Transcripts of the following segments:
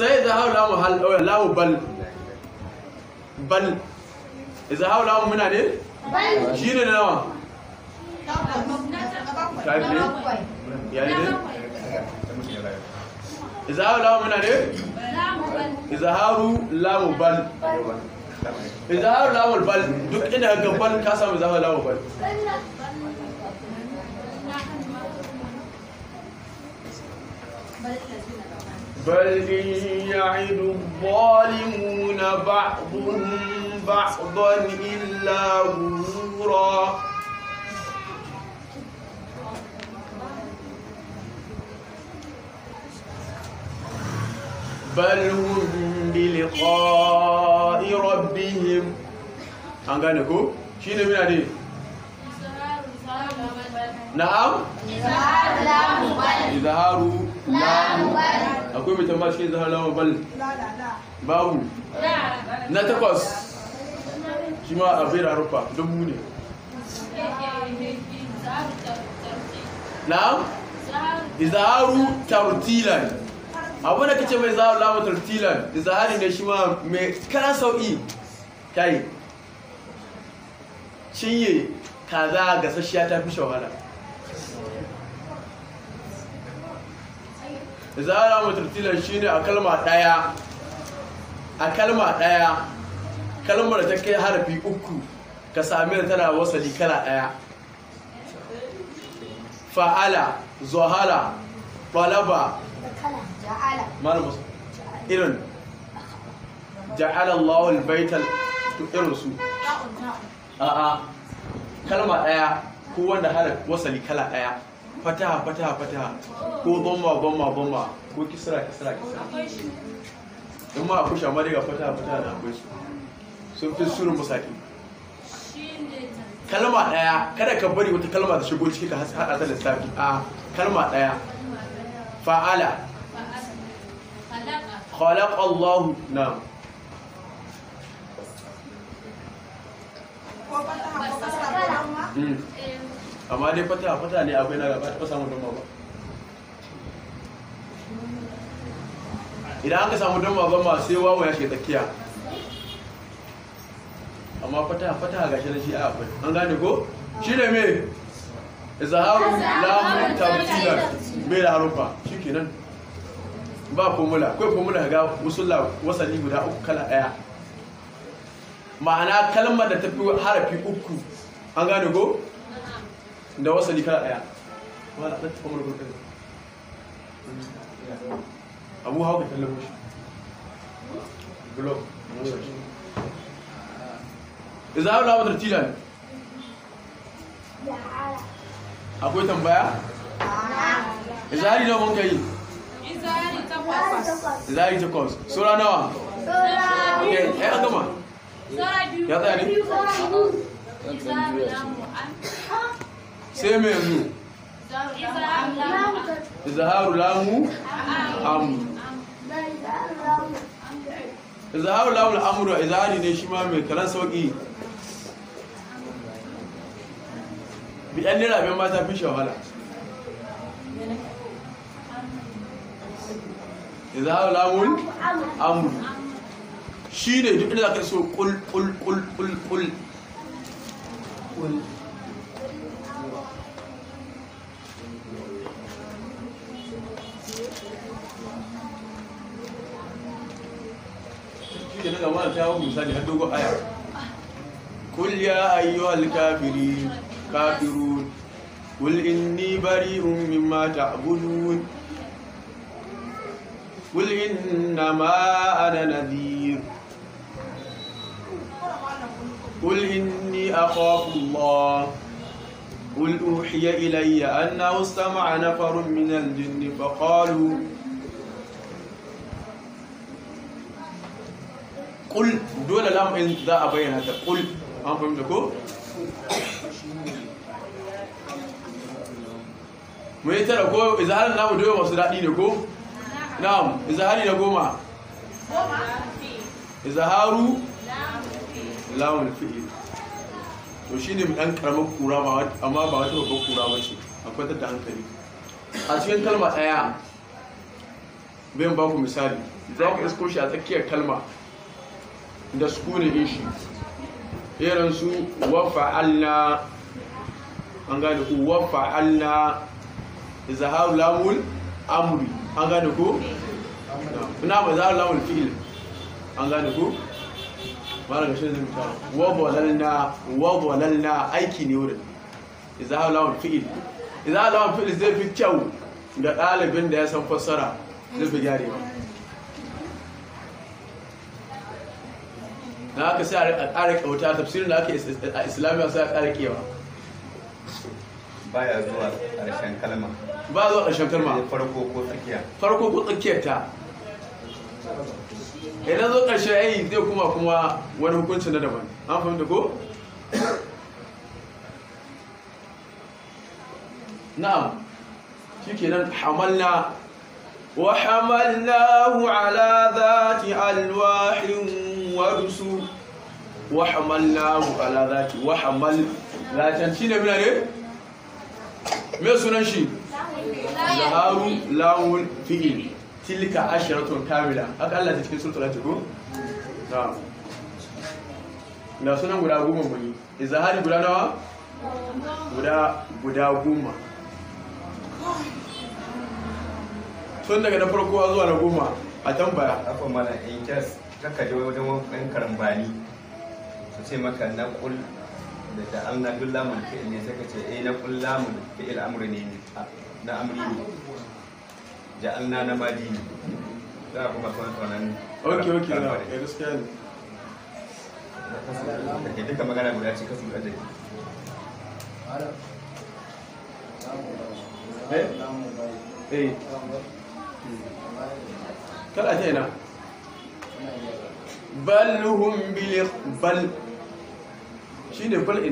هاو لهم هل له بل بل هاو لهم من هذه بل شنو نوع طيب يعني هاو لهم من إذا هاو لهم بل هاو لهم البل دوك انا قبل كاسم اذهب لهم بل بل بل يعد الظالمون بعضهم بعضا إلا غرورا بل هم بلقاء ربهم أنغانكو شنو من هذه na'am izharu lamu akwai mai tambaya cikin izharu lamu bal babu na takwas shi ma a bera rufa don mu ne na'am izharu tartilan abu da kace mai izharu lamu tartilan izhari ne shi ma mai kana sau'i kai cinye kaza gasasshiya ta fi shawara zara mutartilar shi ne a kalma ɗaya a kalma ɗaya kalmar ta kai harfi uku ka sami da tana wasali kala ɗaya fa'ala zohala ɓalaba irin ja'ala allawar baitar irinsu a'a kalma ɗaya kowane harafi wasali kala ɗaya fataha fataha fataha ko bomba bomba bomba ko kisra kisra kisra in ma ku shama daga fataha fataha da akwai su sun fi surun musaki kalma ɗaya kada ka bari wata kalma da shigo ciki ka hada ta lissafi a kalma ɗaya fa'ala خلق الله نعم amma dai fata fata ne akwai na ga ta samu don ba idan aka samu don ba ma sai wawo ya shiga tsakiya amma fata fata ga shi da shi a akwai an gane ko shi ne me zaharu lamun tabtilan bai da harufa shikenan ba formula kai formula ga musulla wasali guda uku kala daya ma'ana kalmar da ta fi harafi uku an gane ko da wasali kala daya wala ta umar gurbe abu hawa ka shi blog idan ana ne akwai tambaya izari nawa mun kai izari takwas izari takwas sura nawa sura biyu eh an gama sura biyu ya tsaya sai mai mu izharu lamu amru izharu lamu amru izahari ne shi ma mai karan sauki bi yan nira biyan mata fi shawala izharu lamu amru shi ne duk da ka so kul kul kul kul kul جاوب مثال يهدوكو آية قل يا أيها الكافرين كافرون قل إني بريء مما تعبدون قل إنما أنا نذير قل إني أخاف الله قل أوحي إلي أنه استمع نفر من الجن فقالوا kul dole lamu in za a bayyana ta kul an da ko mu yi tara ko izaharin namu dole masu daɗi ne ko na'am izahari na goma izaharu lamun fi'il to shi mu ɗan karamar kura amma ba wata babbar kura ba ce akwai da hankali a cikin kalma ɗaya bayan ba ku misali za ku isko shi a tsakiyar kalma da sukuni ishi irinsu su wafa'alna an gani ku wafa'alna zaharu lamun amri an gani ku na ba zaharu lamul fi'il an gani ku mara ga shirin zubuta wabalalna wabalalna aiki ne wurin zaharu lamul fi'il zaharu lamul fi'il zai fi kyau ga ɗalibin da ya san fassara zai fi gyarewa na haka sai a ƙara kyauta tafsirin da aka a islamiyya sai a ƙara kewa baya zuwa ƙarshen kalma ba zuwa ƙarshen kalma farko ko tsakiya farko ko tsakiyar ta idan zo ƙarshe yayi zai kuma kuma wani hukunci na daban an fahimta ko na'am shikenan hamalna وحملناه على ذات ألواح ورسل wa hamallahu ala zati wa hamal zatan shine muna ne me sunan shi zaharu lawul fi'il tilka asharatun kamila haka Allah ta cikin suratul hajj na na sunan guda goma muni izahari guda nawa guda guda goma daga na farko zuwa na goma a tambaya akwai mana in kyas wajen wani karambani su ce maka na kul da ta an na duk lamun ke ne sai ce eh na kul lamun fi'il amri ne na amri ne ja an na na madi ne za a kuma kawai tsanan ok ok na ya gaskiya ne da ke duka magana guda ce kasu da jiki eh, eh. kala ce na bal hum bil bal shi ne inda ya koyi fal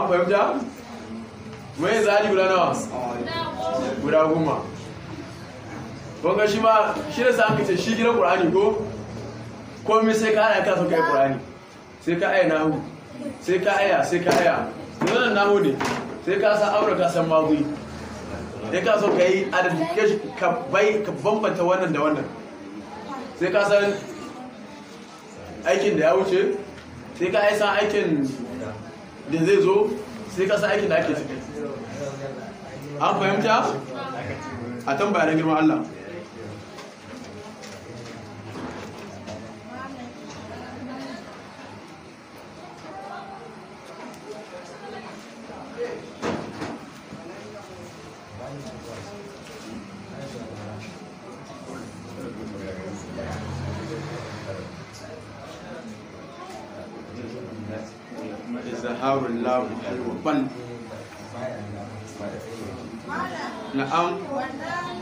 an fahimta mai zali guda nawa guda goma ƙunga shi ma shi da sa'an kace shi gina ƙur'ani ko komi sai ka aya ka so ka yi ƙur'ani sai ka aya nahu sai ka aya sai ka aya wannan nahu ne sai ka san aure ka san magui sai ka so ka yi identification ka bai ka bambanta wannan da wannan sai ka san aikin da ya wuce sai ka aisa aikin da zai zo sai ka sa aikin da ake ciki an fahimta a tambayar girman Allah harun lahu alwaban na'am na'am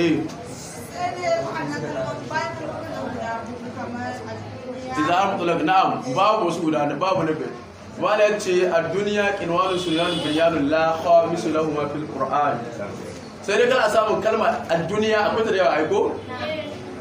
eh izahar mutulak na'am babu wasu guda babu na bai wala ce a duniya kinwalin sunan bayanun la khamisu lahum fil qur'an sai dai kana samun kalma a duniya akwai ta da yawa aiko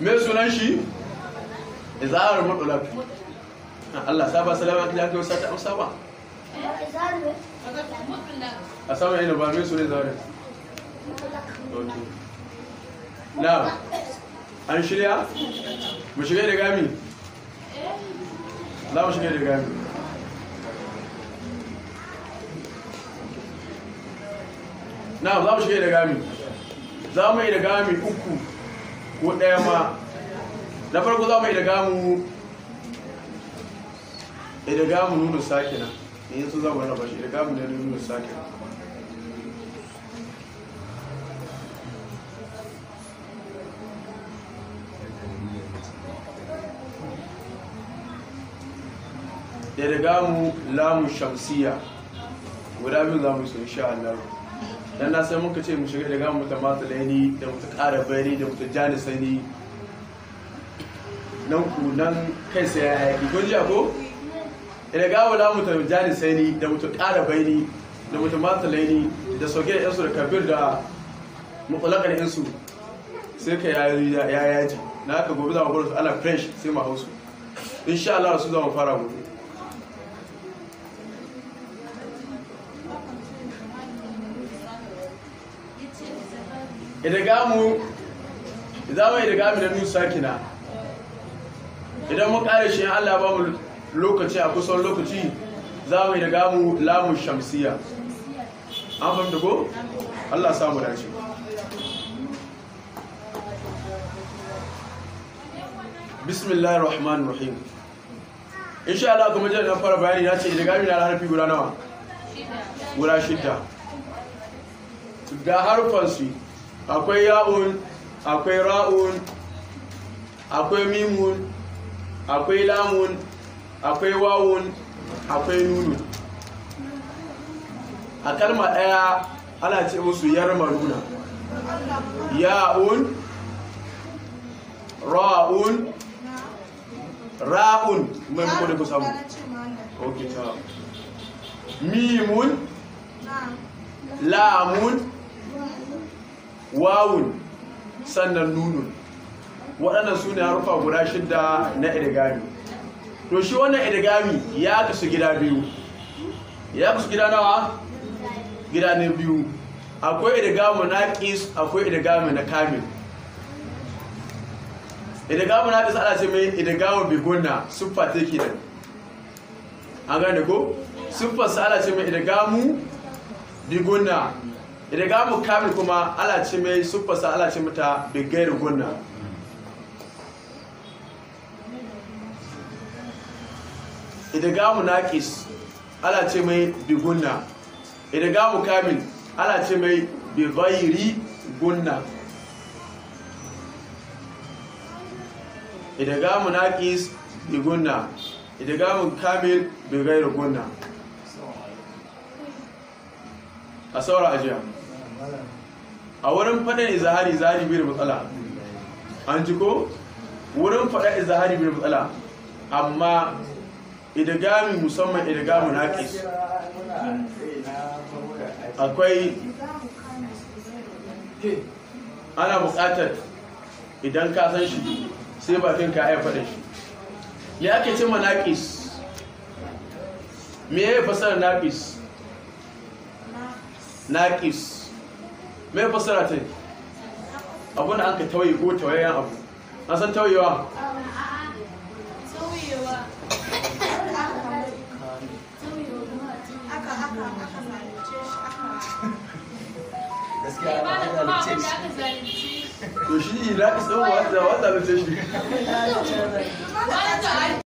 me sunan shi izahar mutulak Allah saba salama ta ga wasa ta amsa ba a saman yana ba me sunan izahar na an shirya mu shirya da gami za mu shirya da gami na za mu shirya da gami za mu yi da gami uku ko ɗaya ma na farko za mu idaga mu nuna sake nan in yanzu za mu raba shi idaga mu ne nuna sake nan idaga mu lamu shamsiya guda biyu za mu yi sun sha Allah dan na sai muka ce mu shiga daga mu ta laini da mu ta ƙara bari da mu ta jani sani nan ku nan kai sai ya yi kun jiya ko ina eh, gawo mu ta jani sani da mu ta ƙara bari da mu ta mutu laini da sauke da yansu da kabir da mukulakar yansu sai ka yayi ya yaji na haka gobe za mu bar su ana fresh sai ma hausu insha Allah su zama fara gobe idgamu idan mu yi da nun kina. idan mu kare shi Allah ba mu lokaci a kusan lokaci za mu yi da gamu lamun shamsiya an fahimta ko Allah samu dace bismillahir rahmanir rahim insha Allah kuma jiya dan fara bayani nace idgami na harfi guda nawa guda shida ga harfan su akwai ya'un akwai ra'un akwai mimun akwai lamun akwai wawun akwai nunu a kalma ɗaya ana ce musu yarmaruna ya'un ra'un ra'un mai muku da ku samu ok ta mimun lamun wawun sannan nunun waɗannan su ne harfa guda shidda na idigami to shi wannan idigami ya kasu gida biyu ya kasu gida nawa gida ne biyu akwai idigami na ƙis akwai idigami na kamil idigami na ƙis ana ce mai idigami bigunna siffa ta ke da an gane ko siffarsa ana ce mai idigami bigunna riga mu kamil kuma ala ce mai sufasa ala ce mata bigayar gunna idaga mu naqis ala ce mai bigunna idaga mu kamil ala ce mai bigayri gunna idaga mu naqis bigunna idaga mu kamil gunna a saura ajiya a wurin faɗin izahari zahari bai da matsala an ji ko wurin faɗa izahari bai da matsala amma idagami musamman idigami naƙis akwai ana buƙatar idan ka san shi sai bakin ka ya faɗa shi ne ake ce ma naƙis me ya yi fasar naƙis naƙis me ya fassara ta yi abin da an ka tawaye ko tawayen abu na san tawayewa to shi ne da shi